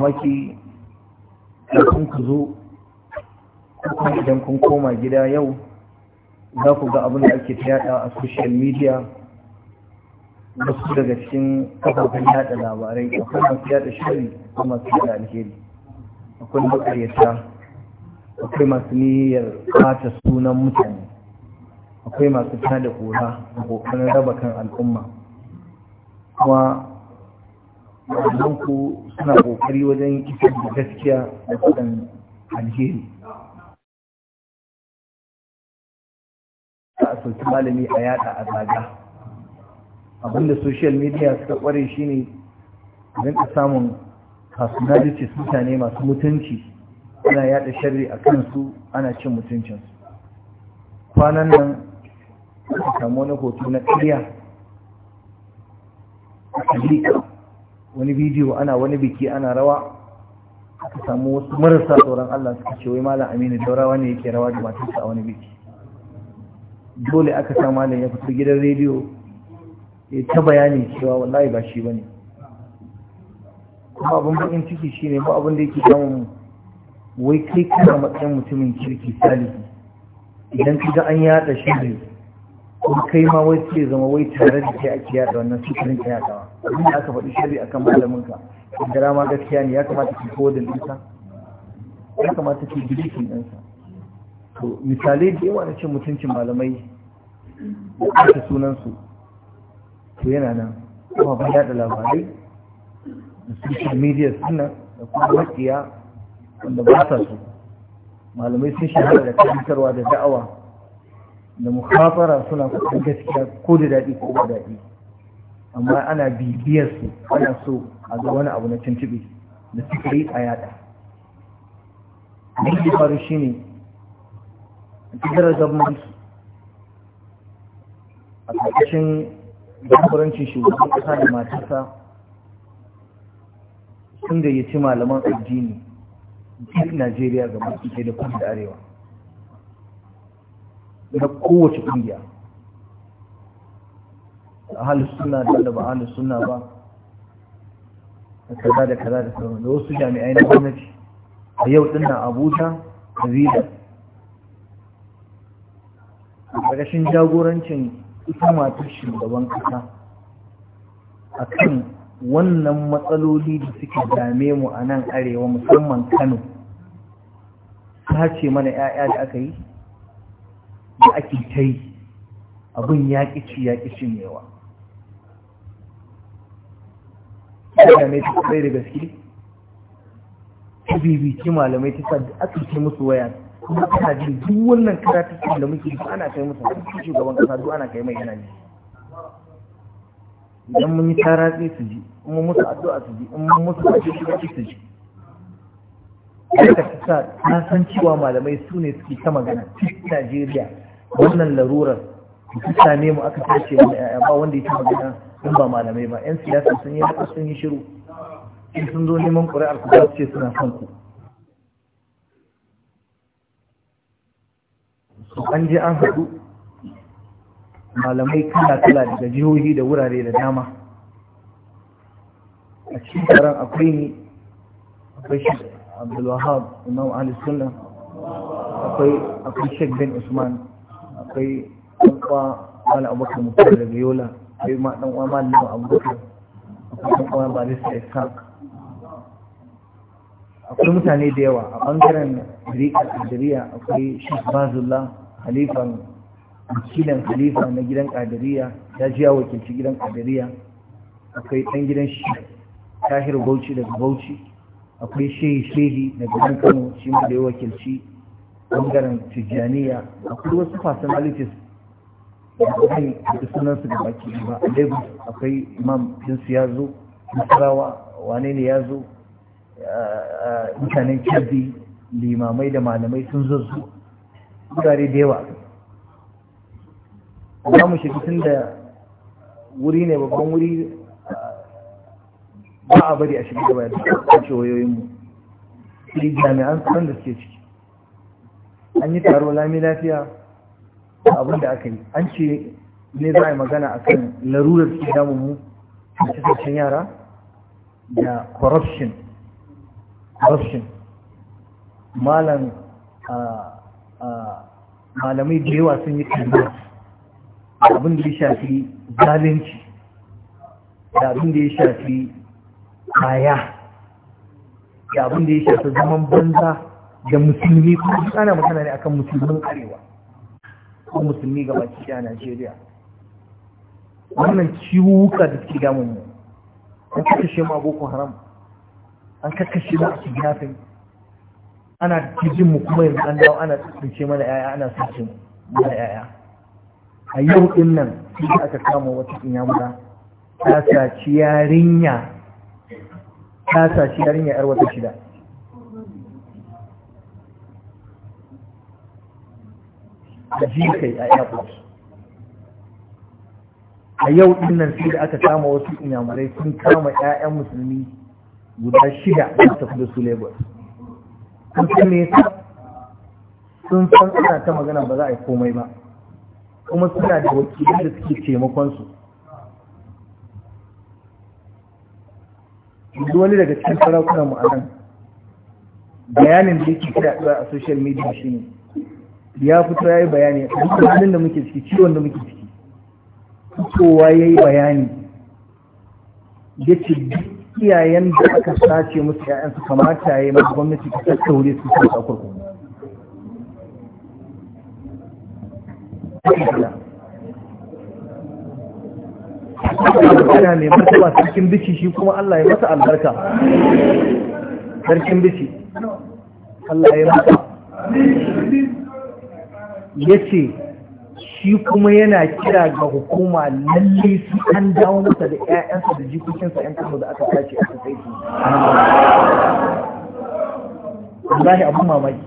maki da kun ku zo kuma idan kun koma gida yau za ku ga abin da ake ta yada a social media wasu daga cikin kafafen yada labarai akwai masu yada shirin akwai masu yada alheri akwai ƙaryata, akwai masu niyyar kata sunan mutane akwai masu tada kora da kokarin raba kan al'umma kuma wannan ku suna kokari wajen isar da gaskiya da kudin alheri a sauki malami a yada a zaga abinda social media suka kware shine rinka samun personalities mutane masu mutunci ana yada sharri a kansu ana cin mutuncinsu kwanan nan a samu wani hoto na ƙarya a wani bidiyo ana wani biki ana rawa aka samu wasu marasa tsoron Allah suka ce wai malam Aminu Daurawa ne yake rawa da matarsa a wani biki dole aka sa malam ya fito gidan rediyo ya ta bayani cewa wallahi ba shi bane kuma abin bakin ciki shine ba abin da yake damun mu wai kai kana matsayin mutumin kirki salihi idan ka ga an yada shi ne kuma kai ma wai ce zama wai tare da kai ake yada wannan sukarin kai a abin da aka faɗi shari kan malaminka gara ma gaskiya ne ya kamata ki kodin ɗinsa ya kamata ki bilikin ɗinsa to misalai da yawa na cin mutuncin malamai da aka sunansu to yana nan kuma ba yaɗa labarai da social media suna da kuma makiya wanda ba sa su malamai sun shahara da karantarwa da da'awa da muhafara suna kusan gaskiya ko da daɗi ko ba daɗi amma ana bibiyar su ana so a ga wani abu na tuntube da suka yi a yada ne faru shi ne a cikin su a ƙarƙashin jagorancin shugaban ƙasa da matarsa sun ci malaman addini duk najeriya ga masu da kuma da arewa na kowace ƙungiya ahalus suna da wanda ba ahalus suna ba da kaza da kaza da sauran da wasu jami'ai na gwamnati a yau din na abuja da zida a ƙarƙashin jagorancin ita matar shugaban ƙasa a kan wannan matsaloli da suke dame mu a nan arewa musamman kano sace mana 'ya'ya da aka yi da ake ta yi abin ya ƙici ya ƙici mewa da mai ta tsaye da gaske ta bibici malamai ta sa da aka ce musu waya kuma ana jin duk wannan karatu da muke su ana kai musu duk shugaban kasa duk ana kai mai yana ne idan mun yi tara sai su ji in mun musu addu'a su ji in mun musu addu'a su ji su ji aka sa na san cewa malamai su ne suke ta magana cikin Najeriya wannan larurar mutane mu aka tace mu yaya ba wanda ya ci magana in ba malamai ba yan siyasa sun yi haka sun yi shiru in sun zo neman ƙuri'ar ku za su ce suna son ku an je an haɗu malamai kala-kala daga jihohi da wurare da dama a cikin taron akwai ne akwai shek abdulwahab imam ali sunna akwai shek bin usman akwai ɗan kwa wani abokan mutum daga yola sai ma ɗan uwa malin ma abokan akwai kuma barista ishaq akwai mutane da yawa a bangaren rikar kadiriya akwai shek bazula halifan wakilin halifa na gidan kadiriya ya ji wakilci gidan kadiriya akwai ɗan gidan shek tahir bauchi daga bauchi akwai shehi shehi daga gidan kano shi ma da ya wakilci bangaren tijjaniya akwai wasu personalities zai da sunansu da baki ba a lagos akwai imam dinsu ya zo nasarawa wane ne ya zo mutanen kirbi limamai da malamai sun zo su. wurare da yawa za mu shiga tun da wuri ne babban wuri ba a bari a shiga gaba da kwace wayoyinmu sai jami'an tsaron da suke ciki an yi taro lami lafiya abin da aka yi an ce ne za a yi magana a kan larurar su damu mu da cikin yara da corruption corruption malamai da yawa sun yi kalmar abin da ya shafi zalunci da abin da ya shafi kaya da abin da ya shafi zaman banza da musulmi kuma ana magana ne akan musulmin arewa ko musulmi ga baki a Najeriya wannan ciwuka da suke damun mu an kakashe ma Boko Haram an kakashe ma a kidnapping ana cikin mu kuma yanzu an dawo ana tsince mana yaya ana sace mana yaya a yau ɗin nan sai aka kama wata yamura, ta saci yarinya ta saci yarinya yar wata shida jikai a airport a yau din nan sai da aka kama wasu inyamurai sun kama 'ya'yan musulmi guda shida da tafi da su lagos sun fi me sun san ana ta magana ba za a yi komai ba kuma suna da wakilai da suke taimakon su yanzu wani daga cikin sarakunan mu a nan bayanin da yake kira a social media shine ya fito ya yi bayani a halin da muke ciki ciwon da muke ciki fitowa ya yi bayani ya ce iyayen da aka sace musu ‘ya'yansu kamata ya yi masu gwamnati ta tattaure su su a kurkuku Ana mai martaba sarkin bici shi kuma Allah ya masa albarka. Sarkin bici. Allah ya masa. ya ce shi kuma yana kira ga hukuma lalle su an dawo masa da 'ya'yansa da jikokinsa 'yan kano da aka tashi a sai wallahi abin mamaki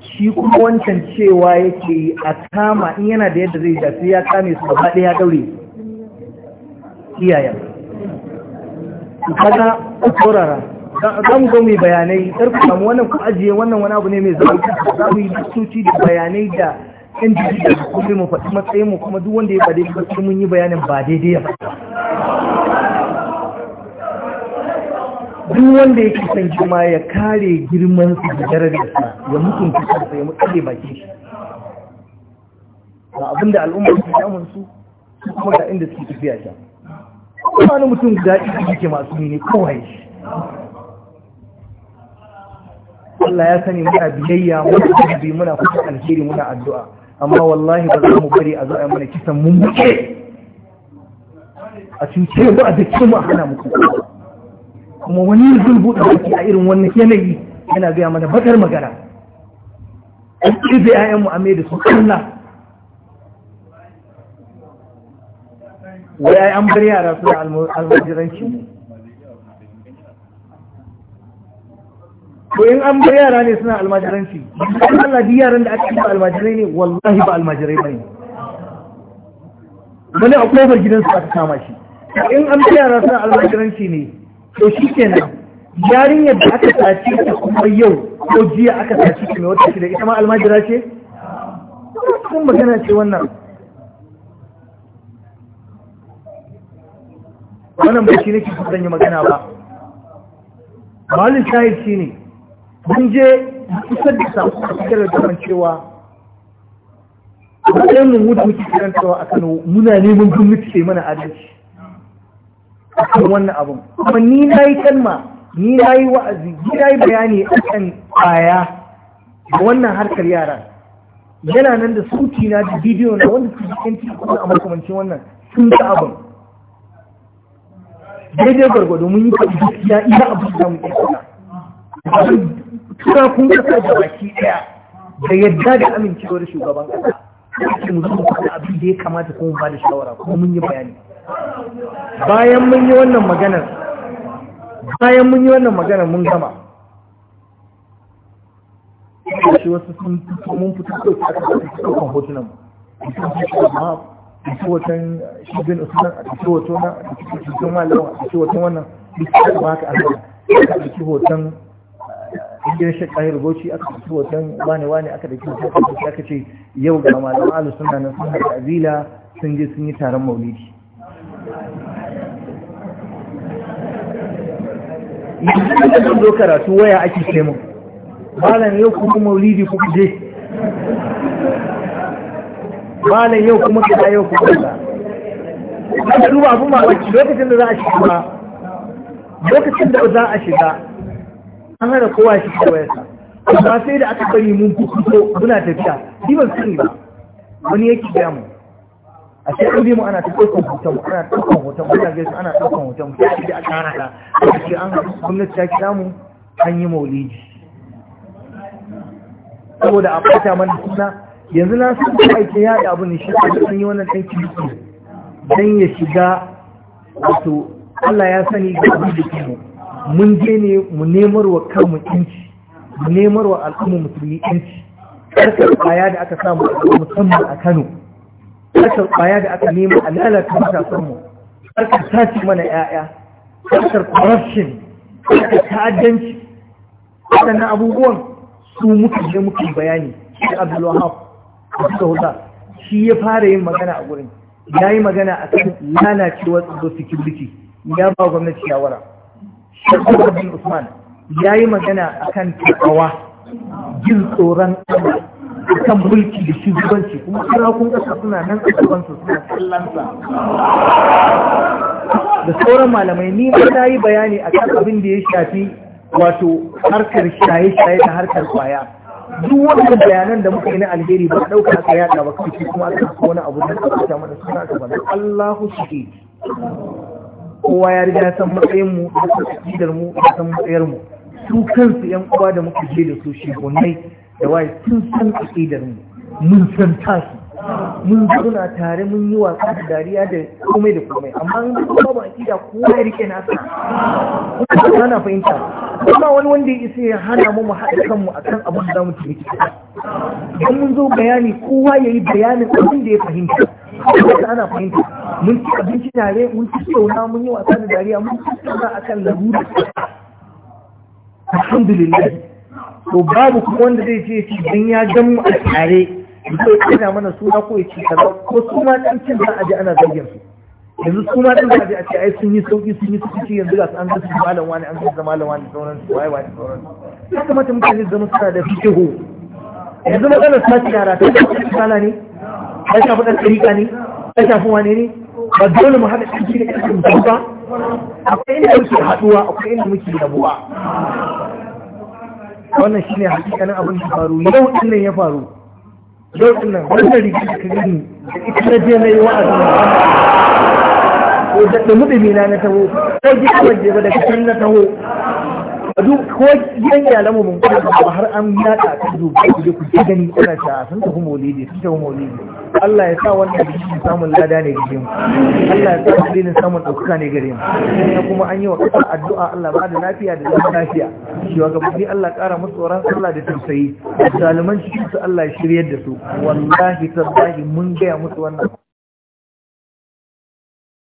shi kuma wancan cewa yake yi a kama in yana da yadda zai sai ya kame su gaba ɗaya daure iyayen kaga ku saurara za mu zo mai bayanai kar ku samu wannan ku ajiye wannan wani abu ne mai zama za mu yi listoci da bayanai da yan jiki da kuma mu faɗi matsayin mu kuma duk wanda ya ba daidai mun yi bayanin ba daidai ya ba duk wanda yake son girma ya kare girman su da sa ya mutunta kansa ya mutsalle baki shi ga abinda al'umma ke samun su kuma ga inda suke tafiya ta kuma wani mutum guda ɗaya yake masu ne kawai shi Allah ya sani muna biyayya muna bi muna kuma alheri muna addu'a amma wallahi ba za mu bari a zo mana kisan mun a cuce mu a dake mu a hana mu kuma wani zulbu da kake a irin wannan yanayi yana gaya mana bakar magana an ɗirbe 'ya'yanmu mu mai da su Allah wai an bar yara suna almajiranci ko in an bar yara ne suna almajiranci in Allah bi yaran da aka ba almajirai ne wallahi ba almajirai bane wani a kofar gidansu ta kama shi in an bar yara suna almajiranci ne to shi kenan yarinyar da aka sace ta kuma yau ko jiya aka sace ta mai wata shida ita ma almajira ce kun magana ce wannan wannan ba shi nake zan yi magana ba malin shahid shi ne mun je kusa da samu a cikin rajin cewa matsayin mu mutu muke karantawa a Kano muna neman gwamnati ke mana adalci a kan wannan abin. kuma ni na yi kalma ni na yi wa'azi ni na yi bayani a kan ƙwaya da wannan harkar yara yana nan da suti na da bidiyo na wanda su jikin cikin a makamancin wannan sun ta abin daidai gwargwado mun yi faɗi gaskiya iya abin da mu ƙasa tura kun kasa da baki daya da yadda da amincewar shugaban kasa ake mu zuwa kuma abin da ya kamata kuma ba da shawara kuma mun yi bayani bayan mun yi wannan maganar bayan mun yi wannan maganar mun gama shi wasu sun fito mun fito kan hotunan mu sun fito fito shigin a fito wato na a fito wannan duk da haka a inda shaƙa kahir goci aka fito wajen wani wani aka da kyau sai aka ce yau ga malaman alu suna nan sun haɗa azila sun je sun yi taron maulidi yanzu da zan zo karatu waya ake ce mu malam yau kuma maulidi kuma je malam yau kuma kaza yau kuma kaza kuma duba abin mamaki lokacin da za a shiga lokacin da za a shiga an hana kowa shi da wayarsa amma sai da aka bari mun fito muna tafiya shi ban sani ba wani yake gaya mu a sai an bi mu ana ta ɗaukan hoton ana ɗaukan hoton muna gaisu ana ɗaukan hoton sai da aka hana ta a ce an gwamnati ta kira mu an yi maulidi saboda a fata mana suna yanzu na san da ake yaɗa abu ne shi an yi wannan ɗan kirki don ya shiga wato Allah ya sani ga abin da ke mu mun je ne mu nemar wa kanmu yanci mu nemar wa al'umma musulmi yanci karkar kwaya da aka samu a musamman a kano harkar kwaya da aka nema a lalata matasanmu harkar sace mana 'ya'ya karkar corruption karkar ta'addanci waɗannan abubuwan su muka je muka bayani shi abdulwahab a suka huta shi ya fara yin magana a gurin ya yi magana a kan lalacewar tsaro security ya ba gwamnati shawara shakku bin usman ya yi magana a kan takawa jin tsoron a kan mulki da shugabanci kuma sarakun ƙasa suna nan a gabansu suna kallonsa da sauran malamai ni ma na yi bayani a kan abin da ya shafi wato harkar shaye-shaye da harkar kwaya duk wannan bayanan da muka yi na alheri ba ɗauka aka yaɗa ba kai kuma aka wani abu da aka mana suna aka bada Allahu shahid kowa ya riga san matsayin mu da san mu da san matsayar mu su kansu yan uwa da muka je da su shi gonnai da waye sun san mu mun san tasu mun zauna tare mun yi wasa da dariya da komai da komai amma in ba babu kowa ya rike nasa kuma na fahimta kuma wani wanda ya isa ya hana mu mu haɗa kanmu akan abin da za mu tafi don mun zo bayani kowa ya yi bayanin abin da ya fahimta da ana fahimta mun ci abinci tare mun ci kyauna mun yi wasa da dariya mun ci kyauna a kan larura alhamdulillah to babu kuma wanda zai ce ci dan ya gan mu a tare zai ina mana suna ko ya ci kaza ko su ma dan cin za a ji ana zargin su yanzu su ma dan za a ji a ce ai sun yi sauki sun yi sauki yanzu ga su an zasu malam wani an zasu malam wani sauran su wai wani sauran ya kamata mutane zama suna da fikihu yanzu matsalar sace yara ta kala ne ya shafi ɗan ɗarika ne ya shafi wane ne ba dole mu haɗa ɗan da ɗan ɗan ba akwai inda muke haɗuwa akwai inda muke rabuwa wannan shine hakikanin abin da faru yau ɗin nan ya faru yau ɗin nan wannan rigar da ka gani da ita na je na yi wa'azin ko da ɗumi na na taho sai ji kamar je ba daga can na taho duk ko yan yalan mu mun ba har an yaka ta dubai da ku gani kuna ta sun tafi maulidi sun tafi maulidi Allah ya sa wannan bikin samun lada ne gare mu Allah ya sa dalilin samun dauka ne gare mu kuma an yi wa kasa addu'a Allah ba da lafiya da zaman lafiya cewa ga bani Allah ƙara musu tsoron Allah da tausayi zaliman cikin su Allah shiryar da su wallahi tallahi mun ga musu wannan